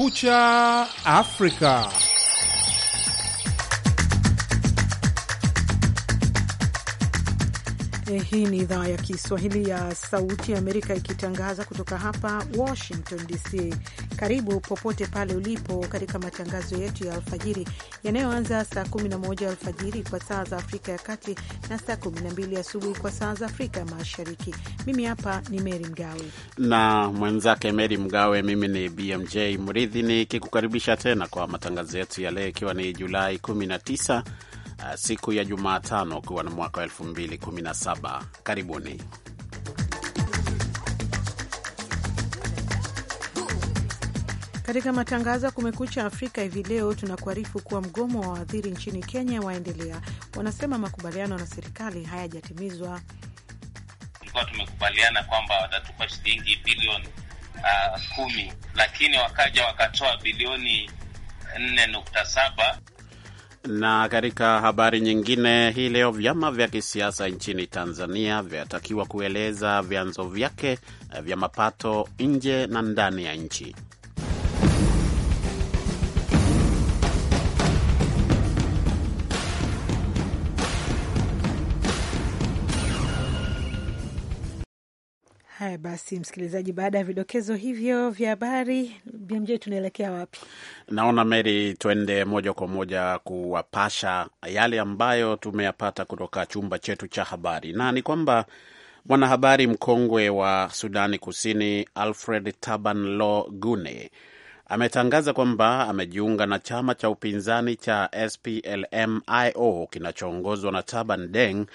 Kumekucha Afrika. Eh, hii ni idhaa ya Kiswahili ya Sauti ya Amerika ikitangaza kutoka hapa Washington DC. Karibu popote pale ulipo katika matangazo yetu ya alfajiri yanayoanza saa 11 alfajiri kwa saa za Afrika ya Kati na saa 12 asubuhi kwa saa za Afrika ya Mashariki. Mimi hapa ni Meri Mgawe na mwenzake Meri Mgawe, mimi ni BMJ Mridhi nikikukaribisha tena kwa matangazo yetu ya leo, ikiwa ni Julai 19 uh, siku ya Jumatano, ukiwa na mwaka wa 2017. Karibuni. Katika matangazo ya Kumekucha Afrika hivi leo, tunakuarifu kuwa mgomo wa waadhiri nchini Kenya waendelea. Wanasema makubaliano na serikali hayajatimizwa. Tulikuwa tumekubaliana kwamba watatupa shilingi bilioni uh, kumi, lakini wakaja wakatoa bilioni saba na katika habari nyingine hii leo, vyama vya kisiasa nchini Tanzania vyatakiwa kueleza vyanzo vyake eh, vya mapato nje na ndani ya nchi. Haya basi, msikilizaji, baada ya vidokezo hivyo vya habari BMJ, tunaelekea wapi? Naona Mary, twende moja kwa moja kuwapasha yale ambayo tumeyapata kutoka chumba chetu cha habari, na ni kwamba mwanahabari mkongwe wa Sudani Kusini Alfred Taban lo Gune ametangaza kwamba amejiunga na chama cha upinzani cha splmio kinachoongozwa na Taban Deng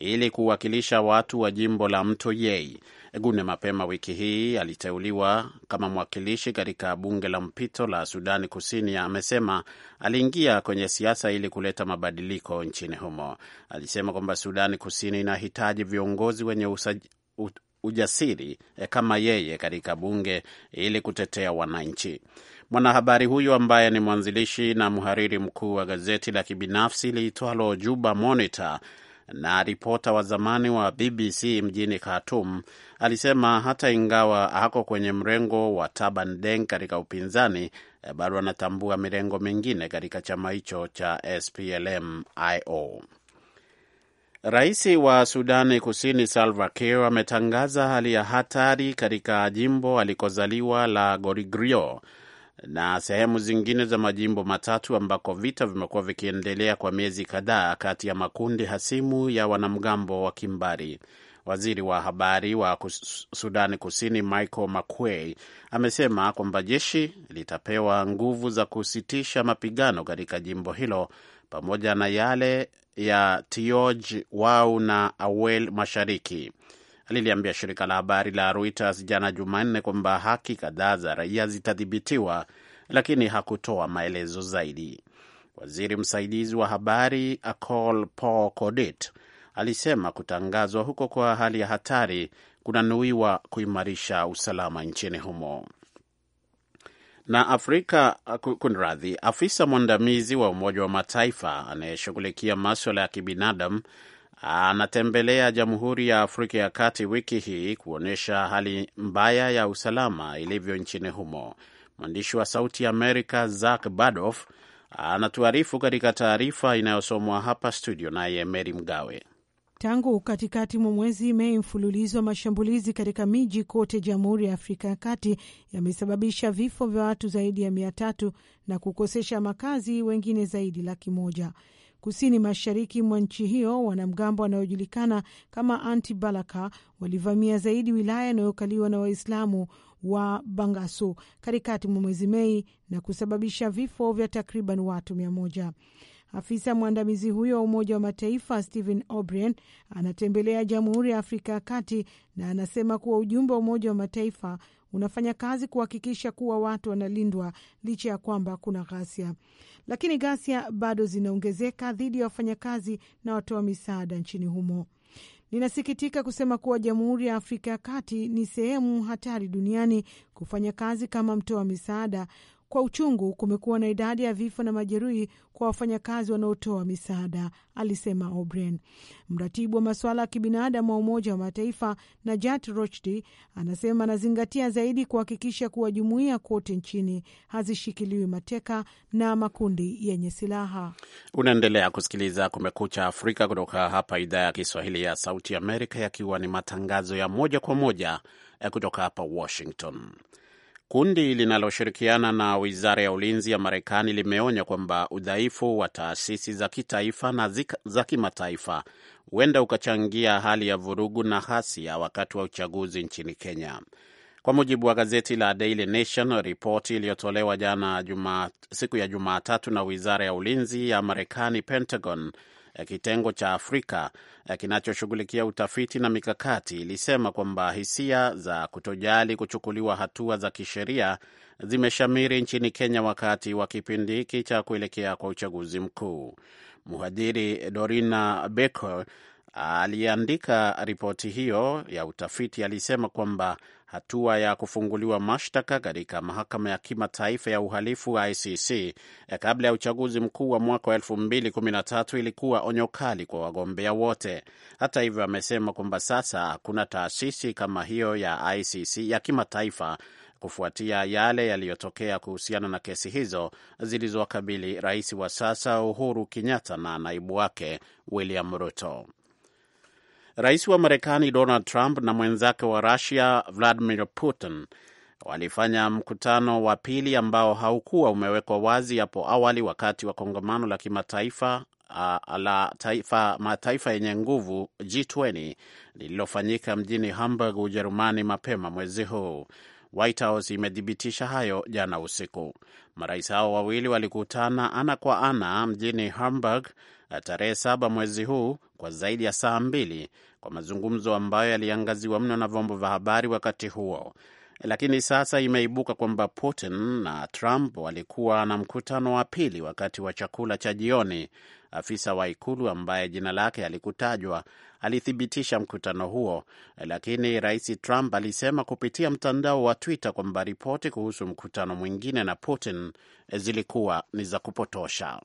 ili kuwakilisha watu wa jimbo la Mto Yei. Gune mapema wiki hii aliteuliwa kama mwakilishi katika bunge la mpito la Sudani Kusini. Amesema aliingia kwenye siasa ili kuleta mabadiliko nchini humo. Alisema kwamba Sudani Kusini inahitaji viongozi wenye usaj... ujasiri eh, kama yeye katika bunge ili kutetea wananchi. Mwanahabari huyu ambaye ni mwanzilishi na mhariri mkuu wa gazeti la kibinafsi liitwalo Juba Monitor na ripota wa zamani wa BBC mjini Khartoum alisema hata ingawa ako kwenye mrengo wa Taban Deng katika upinzani, eh, bado anatambua mirengo mingine katika chama hicho cha SPLM-IO. Rais wa Sudani Kusini Salva Kiir ametangaza hali ya hatari katika jimbo alikozaliwa la Gorigrio na sehemu zingine za majimbo matatu ambako vita vimekuwa vikiendelea kwa miezi kadhaa kati ya makundi hasimu ya wanamgambo wa kimbari. Waziri wa habari wa Sudani Kusini Michael Makuei amesema kwamba jeshi litapewa nguvu za kusitisha mapigano katika jimbo hilo pamoja na yale ya Tioj Wau na Awel Mashariki liliambia shirika la habari la Reuters jana Jumanne kwamba haki kadhaa za raia zitadhibitiwa, lakini hakutoa maelezo zaidi. Waziri msaidizi wa habari Acol Paul Kodet alisema kutangazwa huko kwa hali ya hatari kunanuiwa kuimarisha usalama nchini humo na Afrika. Kunradhi, afisa mwandamizi wa Umoja wa Mataifa anayeshughulikia maswala ya kibinadamu anatembelea Jamhuri ya Afrika ya Kati wiki hii kuonyesha hali mbaya ya usalama ilivyo nchini humo. Mwandishi wa Sauti Amerika Zak Badof anatuarifu katika taarifa inayosomwa hapa studio naye Meri Mgawe. Tangu katikati mwa mwezi Mei, mfululizo wa mashambulizi katika miji kote Jamhuri ya Afrika ya Kati yamesababisha vifo vya watu zaidi ya mia tatu na kukosesha makazi wengine zaidi laki moja. Kusini mashariki mwa nchi hiyo, wanamgambo wanaojulikana kama Anti Balaka walivamia zaidi wilaya inayokaliwa na Waislamu wa Bangasu katikati mwa mwezi Mei na kusababisha vifo vya takriban watu mia moja. Afisa mwandamizi huyo wa Umoja wa Mataifa Stephen O'Brien anatembelea Jamhuri ya Afrika ya Kati na anasema kuwa ujumbe wa Umoja wa Mataifa unafanya kazi kuhakikisha kuwa watu wanalindwa licha ya kwamba kuna ghasia, lakini ghasia bado zinaongezeka dhidi ya wafanyakazi na watoa misaada nchini humo. Ninasikitika kusema kuwa Jamhuri ya Afrika ya Kati ni sehemu hatari duniani kufanya kazi kama mtoa misaada, kwa uchungu, kumekuwa na idadi ya vifo na majeruhi kwa wafanyakazi wanaotoa misaada, alisema Obren. Mratibu wa masuala ya kibinadamu wa Umoja wa Mataifa Najat Rochdi anasema anazingatia zaidi kuhakikisha kuwa jumuiya kote nchini hazishikiliwi mateka na makundi yenye silaha. Unaendelea kusikiliza Kumekucha Afrika kutoka hapa idhaa ya Kiswahili ya Sauti Amerika, yakiwa ni matangazo ya moja kwa moja eh, kutoka hapa Washington. Kundi linaloshirikiana na wizara ya ulinzi ya Marekani limeonya kwamba udhaifu wa taasisi za kitaifa na za kimataifa huenda ukachangia hali ya vurugu na hasia wakati wa uchaguzi nchini Kenya. Kwa mujibu wa gazeti la Daily Nation, ripoti iliyotolewa jana juma, siku ya Jumatatu na wizara ya ulinzi ya Marekani, Pentagon, Eh, kitengo cha Afrika eh, kinachoshughulikia utafiti na mikakati ilisema kwamba hisia za kutojali kuchukuliwa hatua za kisheria zimeshamiri nchini Kenya wakati wa kipindi hiki cha kuelekea kwa uchaguzi mkuu. Mhadhiri Dorina Becker aliyeandika ripoti hiyo ya utafiti alisema kwamba hatua ya kufunguliwa mashtaka katika mahakama ya kimataifa ya uhalifu wa ICC eh, kabla ya uchaguzi mkuu wa mwaka wa tatu ilikuwa onyo kali kwa wagombea wote. Hata hivyo, amesema kwamba sasa hakuna taasisi kama hiyo ya ICC ya kimataifa kufuatia yale yaliyotokea kuhusiana na kesi hizo zilizowakabili rais wa sasa Uhuru Kenyatta na naibu wake William Ruto. Rais wa Marekani Donald Trump na mwenzake wa Rusia Vladimir Putin walifanya mkutano wa pili ambao haukuwa umewekwa wazi hapo awali wakati wa kongamano la kimataifa la taifa mataifa yenye nguvu G20 lililofanyika mjini Hamburg, Ujerumani mapema mwezi huu. White House imethibitisha hayo jana usiku. Marais hao wawili walikutana ana kwa ana mjini Hamburg tarehe saba mwezi huu kwa zaidi ya saa mbili kwa mazungumzo ambayo yaliangaziwa mno na vyombo vya habari wakati huo. Lakini sasa imeibuka kwamba Putin na Trump walikuwa na mkutano wa pili wakati wa chakula cha jioni. Afisa wa ikulu ambaye jina lake alikutajwa alithibitisha mkutano huo, lakini rais Trump alisema kupitia mtandao wa Twitter kwamba ripoti kuhusu mkutano mwingine na Putin zilikuwa ni za kupotosha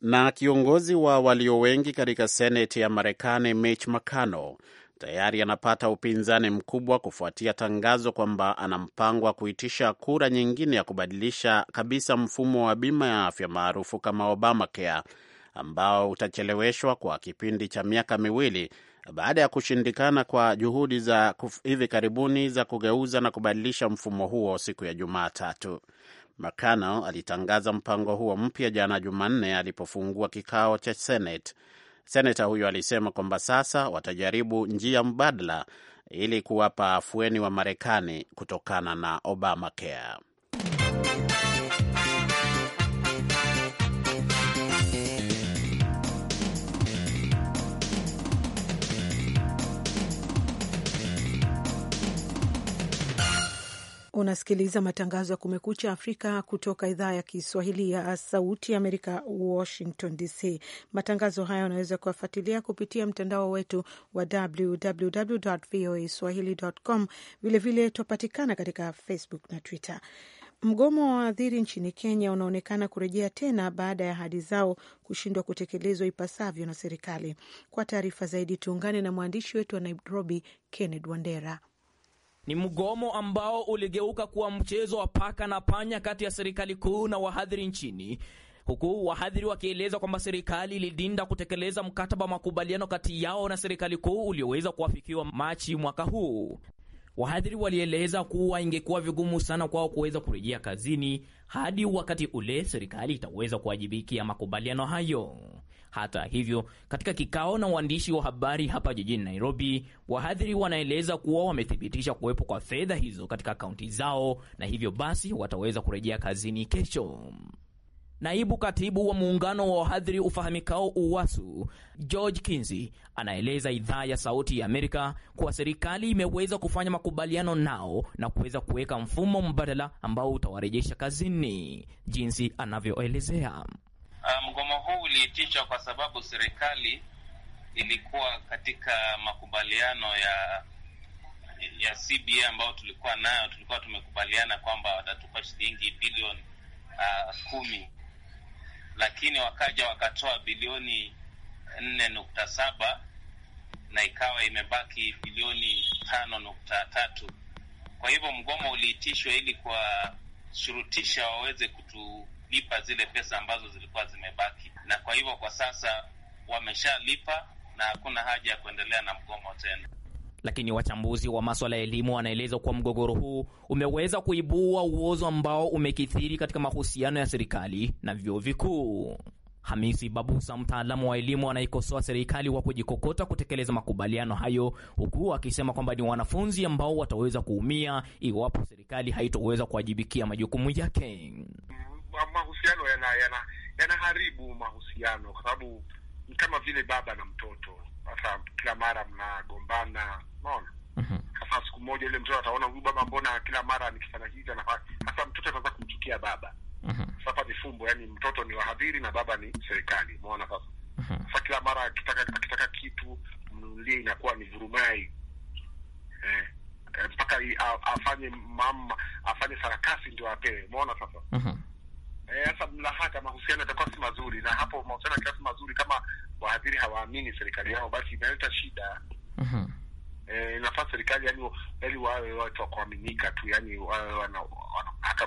na kiongozi wa walio wengi katika seneti ya Marekani Mitch McConnell tayari anapata upinzani mkubwa kufuatia tangazo kwamba ana mpango wa kuitisha kura nyingine ya kubadilisha kabisa mfumo wa bima ya afya maarufu kama Obamacare ambao utacheleweshwa kwa kipindi cha miaka miwili baada ya kushindikana kwa juhudi za hivi karibuni za kugeuza na kubadilisha mfumo huo siku ya Jumatatu. McConnell alitangaza mpango huo mpya jana Jumanne alipofungua kikao cha Senate. Seneta huyo alisema kwamba sasa watajaribu njia mbadala ili kuwapa afueni wa Marekani kutokana na Obamacare. Unasikiliza matangazo ya Kumekucha Afrika kutoka idhaa ya Kiswahili ya Sauti Amerika, Washington DC. Matangazo haya unaweza kuwafuatilia kupitia mtandao wetu wa www voa swahili.com. Vilevile twapatikana katika Facebook na Twitter. Mgomo wa waadhiri nchini Kenya unaonekana kurejea tena baada ya ahadi zao kushindwa kutekelezwa ipasavyo na serikali. Kwa taarifa zaidi, tuungane na mwandishi wetu wa Nairobi, Kenneth Wandera. Ni mgomo ambao uligeuka kuwa mchezo wa paka na panya kati ya serikali kuu na wahadhiri nchini huku wahadhiri wakieleza kwamba serikali ilidinda kutekeleza mkataba wa makubaliano kati yao na serikali kuu ulioweza kuafikiwa Machi mwaka huu. Wahadhiri walieleza kuwa ingekuwa vigumu sana kwao kuweza kurejea kazini hadi wakati ule serikali itaweza kuwajibikia makubaliano hayo. Hata hivyo, katika kikao na waandishi wa habari hapa jijini Nairobi, wahadhiri wanaeleza kuwa wamethibitisha kuwepo kwa fedha hizo katika akaunti zao na hivyo basi wataweza kurejea kazini kesho. Naibu katibu wa muungano wa wahadhiri ufahamikao UWASU George Kinsey anaeleza idhaa ya Sauti ya Amerika kuwa serikali imeweza kufanya makubaliano nao na kuweza kuweka mfumo mbadala ambao utawarejesha kazini, jinsi anavyoelezea. Ah, mgomo huu uliitishwa kwa sababu serikali ilikuwa katika makubaliano ya ya CBA ambayo tulikuwa nayo, tulikuwa tumekubaliana kwamba watatupa shilingi bilioni uh, kumi lakini wakaja wakatoa bilioni nne nukta saba na ikawa imebaki bilioni tano nukta tatu. Kwa hivyo mgomo uliitishwa ili kuwashurutisha waweze kutulipa zile pesa ambazo zilikuwa zimebaki, na kwa hivyo kwa sasa wameshalipa na hakuna haja ya kuendelea na mgomo tena lakini wachambuzi wa maswala ya elimu wanaeleza kuwa mgogoro huu umeweza kuibua uozo ambao umekithiri katika mahusiano ya serikali na vyuo vikuu. Hamisi Babusa, mtaalamu wa elimu, anaikosoa serikali kwa kujikokota kutekeleza makubaliano hayo, huku akisema kwamba ni wanafunzi ambao wataweza kuumia iwapo serikali haitoweza kuwajibikia majukumu yake. Mahusiano yanaharibu yana, yana mahusiano, kwa sababu ni kama vile baba na mtoto sasa kila mara mnagombana, unaona. Mhm. Sasa siku moja ile mtoto ataona huyu baba, mbona kila mara nikifanya hivi anafanya. Sasa mtoto ataanza kumchukia baba. mm -hmm. Sasa mifumbo, yani mtoto ni wahadhiri na baba ni serikali, umeona. Sasa mhm. sasa kila mara akitaka akitaka kitu mnulie, inakuwa ni vurumai eh, eh mpaka afanye mama afanye sarakasi ndio apewe, umeona sasa. Mhm. Eh, hasa e, mlahaka mahusiano yatakuwa si mazuri, na hapo mahusiano yakiwa si mazuri, kama wahadhiri hawaamini serikali yao, basi inaleta shida uh -huh. E, inafaa serikali yani, yani wawe watu wa kuaminika tu, yani wawe wana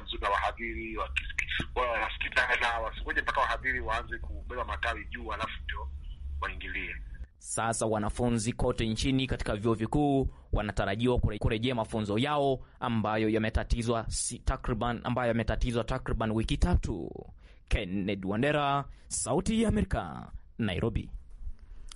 mzuri na wahadhiri, wanasikizana, wasingoje mpaka wahadhiri waanze kubeba matawi juu, alafu ndio waingilie sasa wanafunzi kote nchini katika vyuo vikuu wanatarajiwa kurejea mafunzo yao ambayo yametatizwa si takriban ambayo yametatizwa takriban wiki tatu. Kennedy Wandera, Sauti ya Amerika, Nairobi.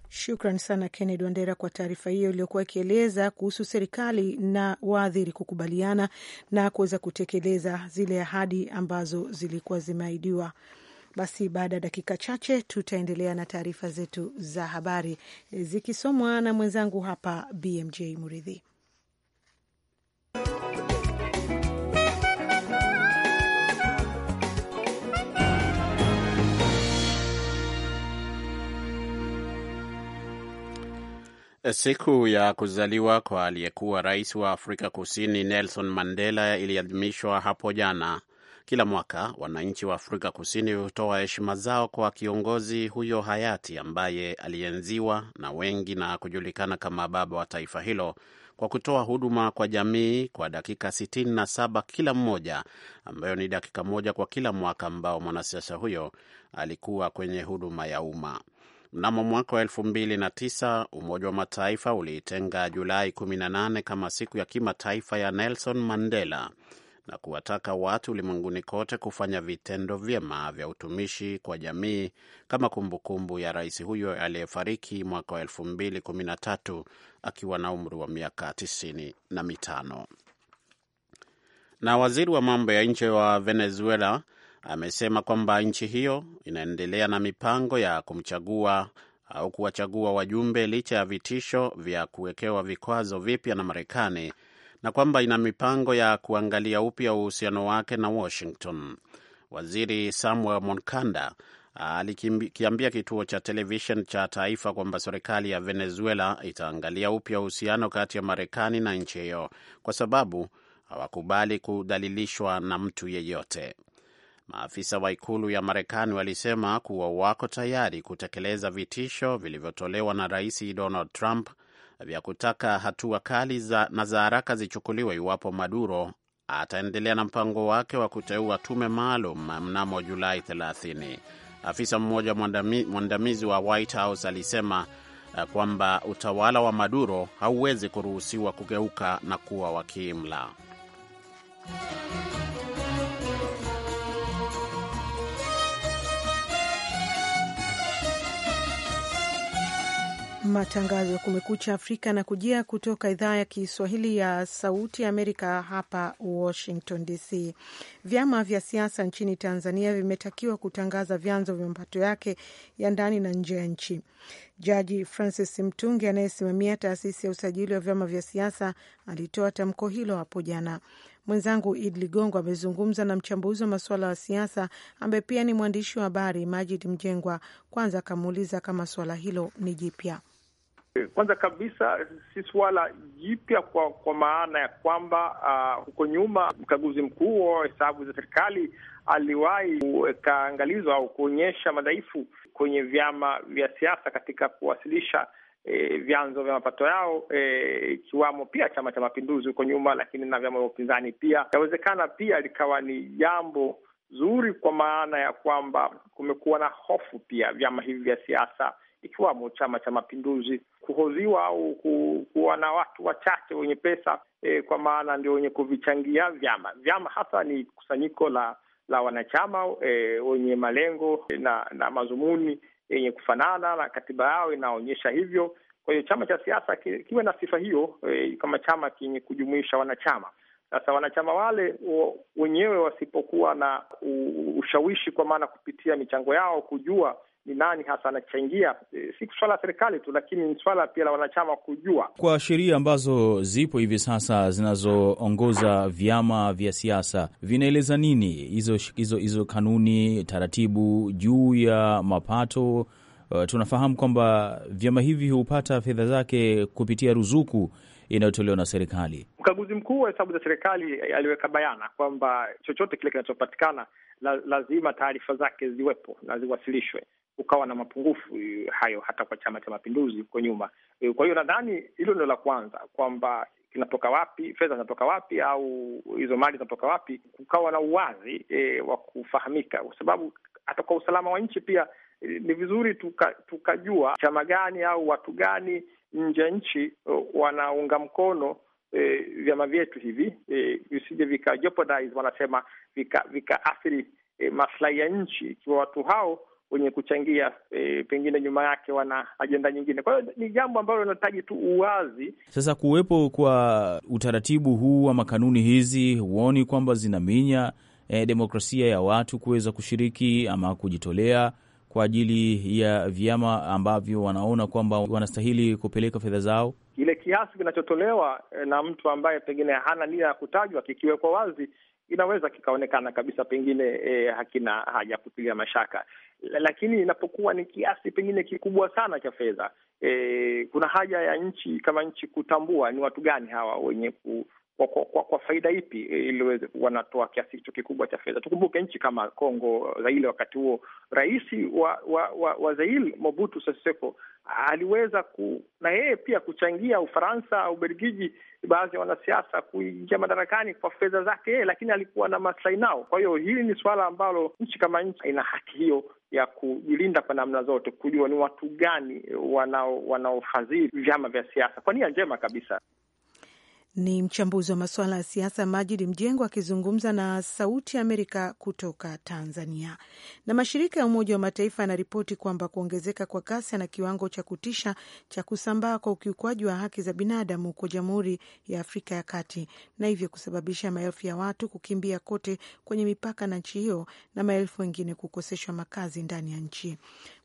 Shukran sana Kennedy Wandera kwa taarifa hiyo iliyokuwa ikieleza kuhusu serikali na waadhiri kukubaliana na kuweza kutekeleza zile ahadi ambazo zilikuwa zimeahidiwa. Basi baada ya dakika chache tutaendelea na taarifa zetu za habari eh, zikisomwa na mwenzangu hapa BMJ Muridhi. Siku ya kuzaliwa kwa aliyekuwa rais wa Afrika Kusini Nelson Mandela iliadhimishwa hapo jana kila mwaka wananchi wa Afrika Kusini hutoa heshima zao kwa kiongozi huyo hayati ambaye alienziwa na wengi na kujulikana kama baba wa taifa hilo kwa kutoa huduma kwa jamii kwa dakika 67 kila mmoja, ambayo ni dakika moja kwa kila mwaka ambao mwanasiasa huyo alikuwa kwenye huduma ya umma. Mnamo mwaka wa 29 Umoja wa Mataifa uliitenga Julai 18 kama siku ya kimataifa ya Nelson Mandela na kuwataka watu ulimwenguni kote kufanya vitendo vyema vya utumishi kwa jamii kama kumbukumbu -kumbu ya rais huyo aliyefariki mwaka wa tatu akiwa na umri wa miaka tisini na mitano. Na waziri wa mambo ya nje wa Venezuela amesema kwamba nchi hiyo inaendelea na mipango ya kumchagua au kuwachagua wajumbe licha ya vitisho vya kuwekewa vikwazo vipya na Marekani na kwamba ina mipango ya kuangalia upya uhusiano wake na Washington. Waziri Samuel Moncada alikiambia ah, kituo cha televishen cha taifa kwamba serikali ya Venezuela itaangalia upya uhusiano kati ya Marekani na nchi hiyo kwa sababu hawakubali kudhalilishwa na mtu yeyote. Maafisa wa ikulu ya Marekani walisema kuwa wako tayari kutekeleza vitisho vilivyotolewa na Rais Donald Trump vya kutaka hatua kali za na za haraka zichukuliwe iwapo Maduro ataendelea na mpango wake wa kuteua tume maalum mnamo Julai 30. Afisa mmoja mwandamizi wa White House alisema eh, kwamba utawala wa Maduro hauwezi kuruhusiwa kugeuka na kuwa wakiimla Matangazo ya Kumekucha Afrika na kujia kutoka idhaa ya Kiswahili ya Sauti ya Amerika hapa Washington DC. Vyama vya siasa nchini Tanzania vimetakiwa kutangaza vyanzo vya mapato yake ya ndani na nje ya nchi. Jaji Francis Mtungi anayesimamia taasisi ya usajili wa vyama vya siasa alitoa tamko hilo hapo jana. Mwenzangu Id Ligongo amezungumza na mchambuzi wa masuala ya siasa ambaye pia ni mwandishi wa habari Majid Mjengwa, kwanza akamuuliza kama suala hilo ni jipya. Kwanza kabisa si suala jipya kwa, kwa maana ya kwamba uh, huko nyuma mkaguzi mkuu wa hesabu za serikali aliwahi kaangalizwa au kuonyesha madhaifu kwenye vyama vya siasa katika kuwasilisha E, vyanzo vya mapato yao eh, ikiwamo e, pia Chama cha Mapinduzi huko nyuma, lakini na vyama vya upinzani pia. Inawezekana pia likawa ni jambo zuri, kwa maana ya kwamba kumekuwa na hofu pia vyama hivi vya siasa ikiwamo Chama cha Mapinduzi kuhodhiwa au ku, kuwa na watu wachache wenye pesa e, kwa maana ndio wenye kuvichangia vyama. Vyama hasa ni kusanyiko la la wanachama e, wenye malengo e, na na mazumuni yenye kufanana na katiba yao inaonyesha hivyo. Kwa hiyo chama cha siasa kiwe na sifa hiyo e, kama chama chenye kujumuisha wanachama. Sasa wanachama wale wenyewe wasipokuwa na ushawishi, kwa maana kupitia michango yao kujua ni nani hasa anachangia, e, si swala la serikali tu, lakini ni swala pia la wanachama kujua. Kwa sheria ambazo zipo hivi sasa zinazoongoza vyama vya siasa vinaeleza nini hizo hizo hizo kanuni, taratibu juu ya mapato? Uh, tunafahamu kwamba vyama hivi hupata fedha zake kupitia ruzuku inayotolewa na serikali. Mkaguzi mkuu wa hesabu za serikali aliweka bayana kwamba chochote kile kinachopatikana la, lazima taarifa zake ziwepo na ziwasilishwe. Ukawa na mapungufu hayo hata kwa Chama cha Mapinduzi huko nyuma. E, kwa hiyo nadhani hilo ndio la kwanza kwamba kinatoka wapi fedha zinatoka wapi, au hizo mali zinatoka wapi, kukawa na uwazi e, wa kufahamika, kwa sababu hata kwa usalama wa nchi pia e, ni vizuri tuka, tukajua chama gani au watu gani nje ya nchi e, wanaunga mkono e, vyama vyetu hivi e, visije vika jeopardize, wanasema vikaathiri vika e, maslahi ya nchi, ikiwa watu hao wenye kuchangia e, pengine nyuma yake wana ajenda nyingine. Kwa hiyo ni jambo ambalo linahitaji tu uwazi. Sasa kuwepo kwa utaratibu huu ama kanuni hizi, huoni kwamba zinaminya e, demokrasia ya watu kuweza kushiriki ama kujitolea kwa ajili ya vyama ambavyo wanaona kwamba wanastahili kupeleka fedha zao? Kile kiasi kinachotolewa eh, na mtu ambaye pengine hana nia ya kutajwa, kikiwekwa wazi inaweza kikaonekana kabisa pengine e, hakina haja kutilia mashaka, lakini inapokuwa ni kiasi pengine kikubwa sana cha fedha e, kuna haja ya nchi kama nchi kutambua ni watu gani hawa wenye ku kwa, kwa, kwa faida ipi e, ili wanatoa kiasi hicho kikubwa cha fedha? Tukumbuke nchi kama Kongo, Zaire, wakati huo rais wa wa, wa, wa Zaire Mobutu Sese Seko aliweza ku, na yeye pia kuchangia Ufaransa, Ubelgiji, baadhi ya wanasiasa kuingia madarakani kwa fedha zake yeye, lakini alikuwa na maslahi nao. Kwa hiyo hili ni suala ambalo nchi kama nchi ina haki hiyo ya kujilinda kwa namna zote, kujua ni watu gani wanaofadhili wanao vyama vya siasa kwa nia njema kabisa. Ni mchambuzi wa masuala ya siasa Majid mjengo akizungumza na Sauti ya Amerika kutoka Tanzania. Na mashirika ya Umoja wa Mataifa yanaripoti kwamba kuongezeka kwa kasi na kiwango cha kutisha cha kusambaa kwa ukiukwaji wa haki za binadamu huko Jamhuri ya Afrika ya Kati, na hivyo kusababisha maelfu ya watu kukimbia kote kwenye mipaka na nchi hiyo na maelfu wengine kukoseshwa makazi ndani ya nchi.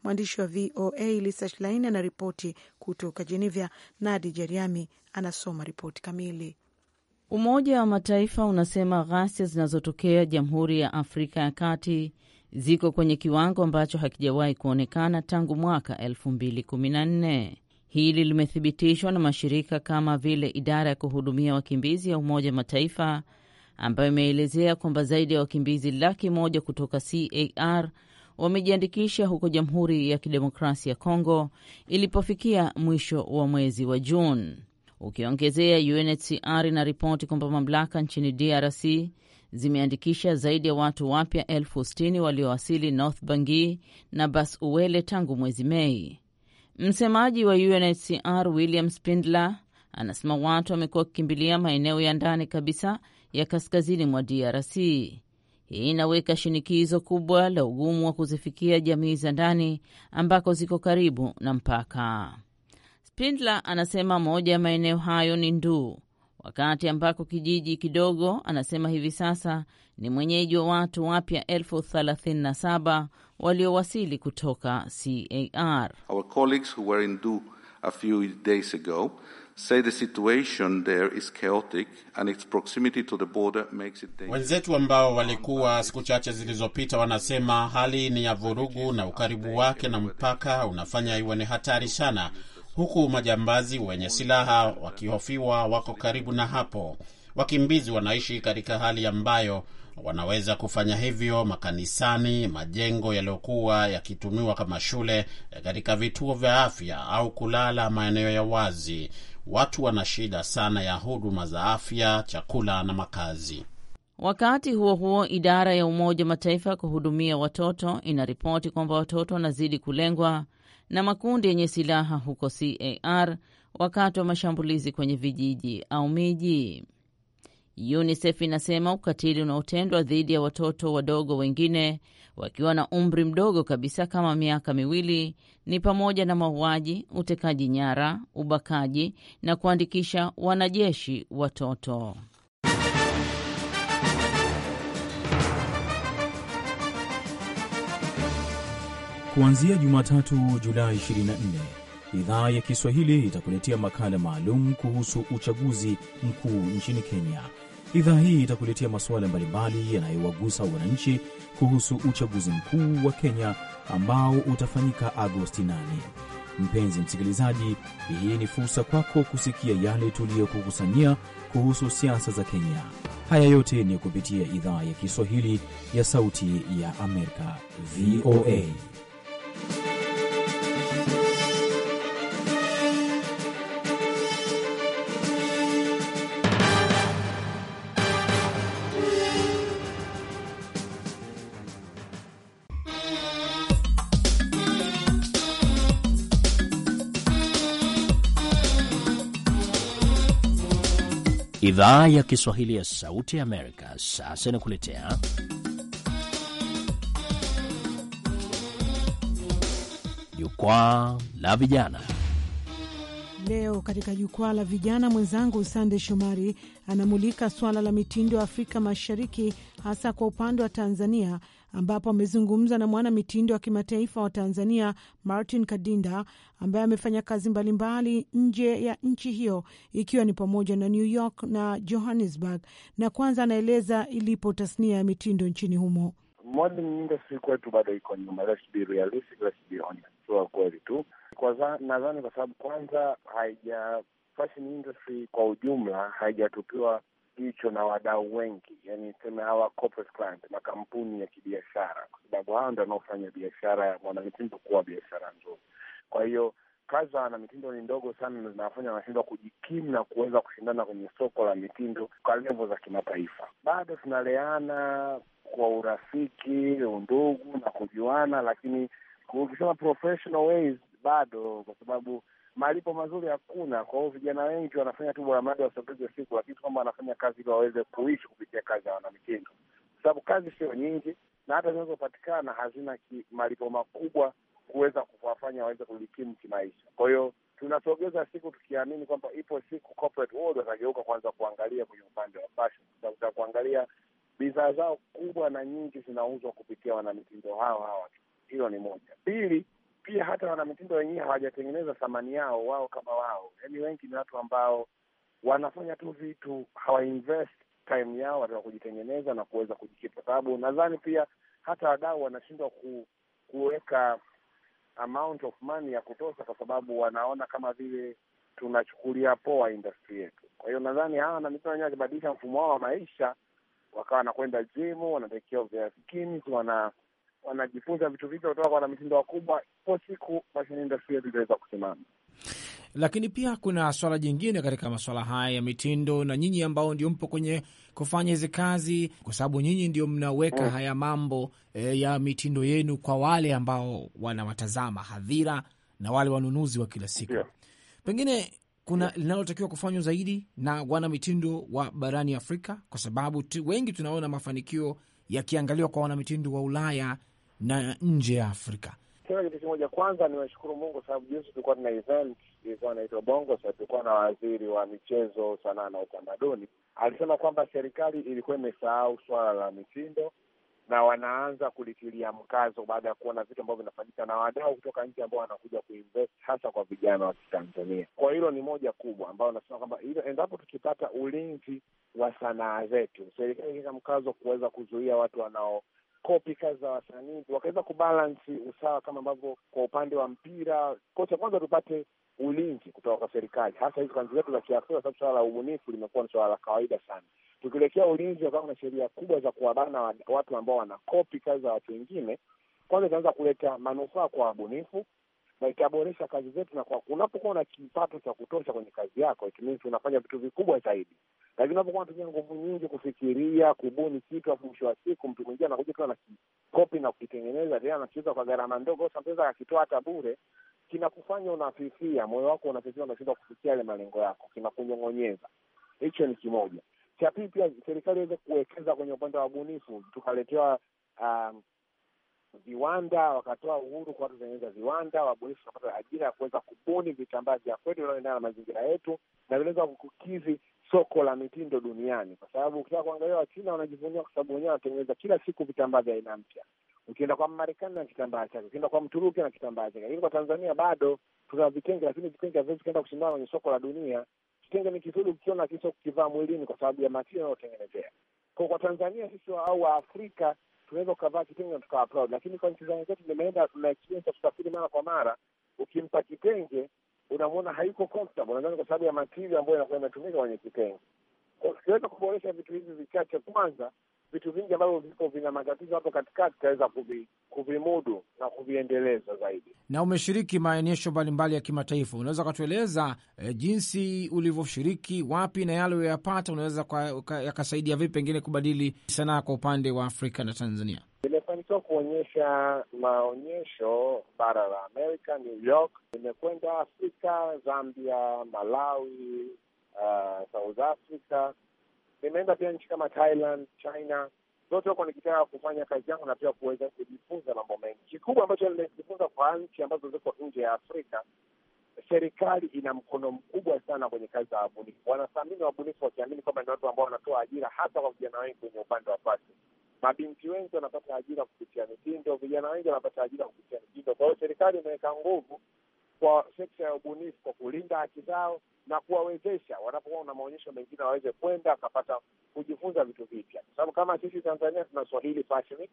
Mwandishi wa VOA Lisa Schlein anaripoti kutoka Jeneva nadi Jeriami anasoma ripoti kamili. Umoja wa Mataifa unasema ghasia zinazotokea Jamhuri ya Afrika ya Kati ziko kwenye kiwango ambacho hakijawahi kuonekana tangu mwaka 2014. Hili limethibitishwa na mashirika kama vile idara ya kuhudumia wakimbizi ya Umoja Mataifa ambayo imeelezea kwamba zaidi ya wakimbizi laki moja kutoka CAR wamejiandikisha huko Jamhuri ya Kidemokrasia ya Kongo ilipofikia mwisho wa mwezi wa Juni. Ukiongezea, UNHCR ina ripoti kwamba mamlaka nchini DRC zimeandikisha zaidi ya watu wapya elfu sitini waliowasili North Bangi na Bas Uwele tangu mwezi Mei. Msemaji wa UNHCR William Spindler anasema watu wamekuwa wakikimbilia maeneo ya ndani kabisa ya kaskazini mwa DRC. Hii inaweka shinikizo kubwa la ugumu wa kuzifikia jamii za ndani ambako ziko karibu na mpaka. Spindler anasema moja ya maeneo hayo ni Nduu, wakati ambako kijiji kidogo anasema hivi sasa ni mwenyeji wa watu wapya elfu thelathini na saba waliowasili kutoka CAR. Our colleagues who were in Nduu a few days ago Wenzetu ambao walikuwa siku chache zilizopita wanasema hali ni ya vurugu na ukaribu wake na mpaka unafanya iwe ni hatari sana, huku majambazi wenye silaha wakihofiwa wako karibu na hapo. Wakimbizi wanaishi katika hali ambayo wanaweza kufanya hivyo makanisani, majengo yaliyokuwa yakitumiwa kama shule, katika vituo vya afya au kulala maeneo ya wazi watu wana shida sana ya huduma za afya, chakula na makazi. Wakati huo huo, idara ya Umoja wa Mataifa ya kuhudumia watoto inaripoti kwamba watoto wanazidi kulengwa na makundi yenye silaha huko CAR wakati wa mashambulizi kwenye vijiji au miji. UNICEF inasema ukatili unaotendwa dhidi ya watoto wadogo wengine wakiwa na umri mdogo kabisa kama miaka miwili, ni pamoja na mauaji, utekaji nyara, ubakaji na kuandikisha wanajeshi watoto. Kuanzia Jumatatu, Julai 24, idhaa ya Kiswahili itakuletea makala maalum kuhusu uchaguzi mkuu nchini Kenya Idhaa hii itakuletea masuala mbalimbali yanayowagusa wananchi kuhusu uchaguzi mkuu wa Kenya ambao utafanyika Agosti 8. Mpenzi msikilizaji, hii ni fursa kwako kusikia yale tuliyokukusanyia kuhusu siasa za Kenya. Haya yote ni kupitia idhaa ya Kiswahili ya Sauti ya Amerika, VOA. Idhaa ya Kiswahili ya Sauti ya Amerika sasa inakuletea Jukwaa la Vijana. Leo katika Jukwaa la Vijana, mwenzangu Sande Shomari anamulika suala la mitindo ya Afrika Mashariki, hasa kwa upande wa Tanzania ambapo amezungumza na mwana mitindo wa kimataifa wa Tanzania Martin Kadinda ambaye amefanya kazi mbalimbali mbali nje ya nchi hiyo ikiwa ni pamoja na New York na Johannesburg, na kwanza anaeleza ilipo tasnia ya mitindo nchini humo. Modeling industry kwetu bado iko nyuma, let's be realistic, let's be honest, sio kweli tu. Nadhani kwa sababu kwanza haija fashion industry kwa ujumla haijatupiwa hicho na wadau wengi, yani sema hawa corporate makampuni ya kibiashara, kwa sababu hao ndo wanaofanya biashara ya mwanamitindo kuwa biashara nzuri. Kwa hiyo kazi za wanamitindo ni ndogo sana, na zinawafanya wanashindwa kujikimu na kuweza kushindana kwenye soko la mitindo kwa levo za kimataifa. Bado tunaleana kwa urafiki, undugu na kujuana, lakini ukisema professional ways bado, kwa sababu malipo mazuri hakuna. Kwa hiyo vijana wengi wanafanya tu bora mradi wasogeze siku, lakini kwamba wanafanya kazi ili waweze kuishi kupitia kazi ya wanamitindo, kwa sababu kazi sio nyingi, na hata zinazopatikana hazina malipo makubwa kuweza kuwafanya waweze kujikimu kimaisha. Kwa hiyo tunasogeza siku tukiamini kwamba ipo siku corporate world watageuka kwanza kuangalia kwenye upande wa fashion, kwa sababu kuangalia bidhaa zao kubwa na nyingi zinauzwa kupitia wanamitindo hao hawa. Hilo ni moja. Pili, pia hata wanamitindo wenyewe hawajatengeneza thamani yao wao kama wao. Yaani wengi ni watu ambao wanafanya tu vitu, hawainvest time yao wataka kujitengeneza na kuweza kujikipa, kwa sababu nadhani pia hata wadau wanashindwa ku, kuweka amount of money ya kutosha, kwa sababu wanaona kama vile tunachukulia poa industry yetu. Kwa hiyo nadhani hawa wanamitindo wenyewe wakibadilisha mfumo wao wa maisha, wakawa wanakwenda jimu, wanatekea vya skins, wana wanajifunza vitu vipya kutoka kwa wanamitindo wakubwa, ipo siku mashindano yetu itaweza kusimama. Lakini pia kuna swala jingine katika masuala haya ya mitindo, na nyinyi ambao ndio mpo kwenye kufanya hizi kazi, kwa sababu nyinyi ndio mnaweka mm, haya mambo e, ya mitindo yenu kwa wale ambao wanawatazama hadhira na wale wanunuzi wa kila siku yeah. Pengine kuna linalotakiwa kufanywa zaidi na wana mitindo wa barani Afrika, kwa sababu wengi tunaona mafanikio yakiangaliwa kwa wanamitindo wa Ulaya na nje ya Afrika? Sema kitu kimoja kwanza, niwashukuru Mungu sababu jinsi tulikuwa tuna event ilikuwa inaitwa Bongo Sa, tulikuwa na waziri wa michezo, sanaa na utamaduni alisema kwamba serikali ilikuwa imesahau suala la mitindo na wanaanza kulitilia mkazo baada ya kuona vitu ambavyo vinafanyika na wadau kutoka nje ambao wanakuja kuinvest hasa kwa vijana wa Kitanzania. Kwa hilo ni moja kubwa ambayo nasema kwamba hilo, endapo tukipata ulinzi wa sanaa zetu, serikali ikiweka mkazo kuweza kuzuia watu wanao kopi kazi za wasanii, wakaweza kubalansi usawa, kama ambavyo kwa upande wa mpira kocha, kwanza tupate ulinzi kutoka kwa serikali, hasa hizi kanzi zetu za Kiafrika, sababu suala la ubunifu limekuwa ni suala la kawaida sana. Tukielekea ulinzi wakawa kuna sheria kubwa za kuwabana watu ambao wanakopi kazi za watu wengine, kwanza itaanza kuleta manufaa kwa wabunifu, na itaboresha kazi zetu, na kwa unapokuwa na kipato cha kutosha kwenye kazi yako, it means unafanya vitu vikubwa zaidi. Lakini unapokuwa unatumia nguvu nyingi kufikiria, kubuni kitu, afu mwisho wa siku mtu mwingine anakuja tu anakikopi na kukitengeneza tena, anakiuza kwa gharama ndogo, sometimes akitoa hata bure, kinakufanya unafifia, moyo wako unafifia, unashindwa kufikia yale malengo yako, kinakunyong'onyeza. Hicho ni kimoja. Cha pili, pia serikali iweze kuwekeza kwenye upande wa ubunifu, tukaletewa um, viwanda, wakatoa uhuru kwa watu kutengeneza viwanda, wabunifu wakapata ajira ya kuweza kubuni vitambaa vya kwetu vinavyoendana na mazingira yetu na vinaweza kukukizi soko la mitindo duniani, kwa sababu ukitaka kuangalia Wachina wanajivunia kwa sababu wenyewe wanatengeneza kila siku vitambaa vya aina mpya. Ukienda kwa Marekani na kitambaa chake, ukienda kwa Mturuki na kitambaa chake, lakini kwa Tanzania bado tuna vitenge, lakini vitenge haviwezi kuenda kushindana kwenye soko la dunia. Kitenge ni kizuri ukiona, kiso kukivaa mwilini kwa sababu ya matio anayotengenezea. kwa Tanzania sisi au Waafrika tunaweza ukavaa kitenge na tukawa proud, lakini kwa nchi za zetu nimeenda na experience ya kusafiri mara kwa mara, ukimpa kitenge unamwona hayuko comfortable, nadhani kwa sababu ya material ambayo inakuwa imetumika kwenye kitenge. Tukiweza kuboresha vitu hivi vichache kwanza vitu vingi ambavyo viko vina matatizo hapo katikati tutaweza kuvimudu na kuviendeleza zaidi. Na umeshiriki maonyesho mbalimbali ya kimataifa, unaweza ukatueleza e, jinsi ulivyoshiriki wapi na yale uliyoyapata unaweza yakasaidia vipi pengine kubadili sanaa kwa upande wa Afrika na Tanzania? Nimefanikiwa kuonyesha maonyesho bara la Amerika, New York. Nimekwenda Afrika, Zambia, Malawi, uh, South Africa Nimeenda pia nchi kama Thailand, China, zote huko nikitaka kufanya kazi yangu na pia kuweza kujifunza mambo mengi. Kikubwa ambacho nimejifunza kwa nchi ambazo ziko nje ya Afrika, serikali ina mkono mkubwa sana kwenye kazi za wabunifu. Wanathamini wabunifu wakiamini kwamba ni watu ambao wanatoa ajira hata kwa vijana wengi kwenye upande wa fasi. Mabinti wengi wanapata ajira kupitia mitindo, vijana wengi wanapata ajira kupitia mitindo. Kwa hiyo serikali imeweka nguvu kwa sekta ya ubunifu, kwa kulinda haki zao na kuwawezesha wanapokuwa na maonyesho mengine waweze kwenda wakapata kujifunza vitu vipya, kwa sababu kama sisi Tanzania tuna Swahili Fashion Week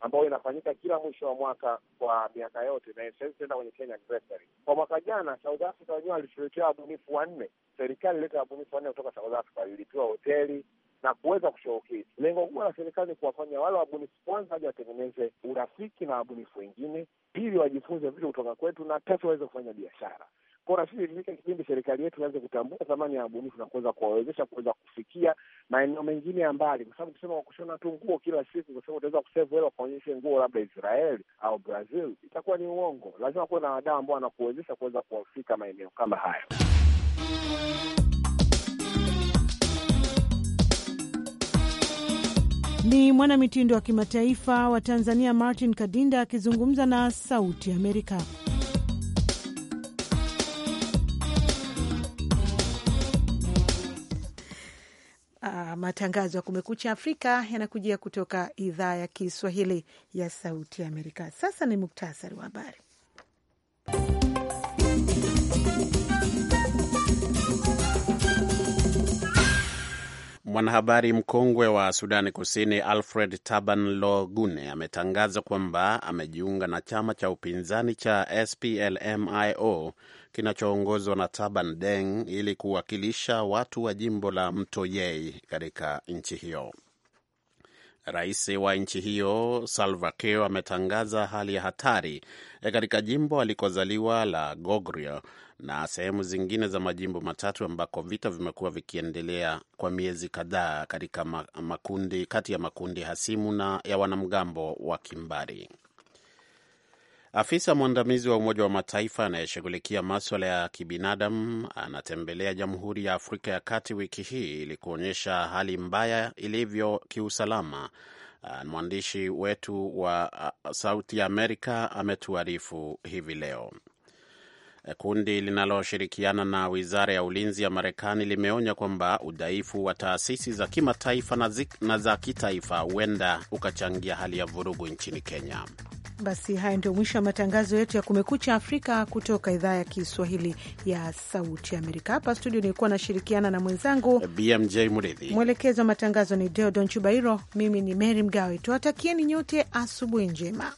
ambayo inafanyika kila mwisho wa mwaka kwa miaka yote, na sasa tutaenda kwenye Kenya anniversary. Kwa mwaka jana South Africa wenyewe walituletea wabunifu wanne, serikali ileta wabunifu wanne kutoka South Africa, hoteli na kuweza kushowcase. Lengo kubwa la serikali ni kuwafanya wale wabunifu kwanza waje watengeneze urafiki na wabunifu wengine, pili wajifunze vitu kutoka kwetu, na tatu waweze kufanya biashara. Bora sisi ifika kipindi serikali yetu ianze kutambua thamani ya wabunifu na kuweza kuwawezesha kuweza kufikia maeneo mengine ya mbali, kwa sababu ukisema kushona tu nguo kila siku, kwa sababu utaweza kusevu hela kuonyeshe nguo labda Israel au Brazil, itakuwa ni uongo. Lazima kuwe na wadau ambao wanakuwezesha kuweza kuwafika maeneo kama hayo. Ni mwanamitindo wa kimataifa wa Tanzania Martin Kadinda akizungumza na Sauti Amerika. Uh, matangazo ya Kumekucha Afrika yanakujia kutoka idhaa ya Kiswahili ya Sauti Amerika. Sasa ni muktasari wa habari. Mwanahabari mkongwe wa Sudani Kusini Alfred Taban Logune ametangaza kwamba amejiunga na chama cha upinzani cha SPLMIO kinachoongozwa na Taban Deng ili kuwakilisha watu wa jimbo la Mto Yei katika nchi hiyo. Rais wa nchi hiyo Salva Kiir ametangaza hali ya hatari eh, katika jimbo alikozaliwa la gogrio na sehemu zingine za majimbo matatu ambako vita vimekuwa vikiendelea kwa miezi kadhaa katika makundi kati ya makundi hasimu na ya wanamgambo wa kimbari. Afisa mwandamizi wa Umoja wa Mataifa anayeshughulikia maswala ya kibinadamu anatembelea Jamhuri ya Afrika ya Kati wiki hii ili kuonyesha hali mbaya ilivyo kiusalama. Ah, mwandishi wetu wa ah, Sauti ya Amerika ametuarifu hivi leo. Kundi linaloshirikiana na wizara ya ulinzi ya Marekani limeonya kwamba udhaifu wa taasisi za kimataifa na za kitaifa huenda ukachangia hali ya vurugu nchini Kenya. Basi haya ndio mwisho wa matangazo yetu ya Kumekucha Afrika kutoka idhaa ya Kiswahili ya Sauti Amerika. Hapa studio nilikuwa nashirikiana na mwenzangu BMJ Mridhi, mwelekezi wa matangazo ni Deodon Chubairo, mimi ni Mary Mgawe. Tuwatakieni nyote asubuhi njema.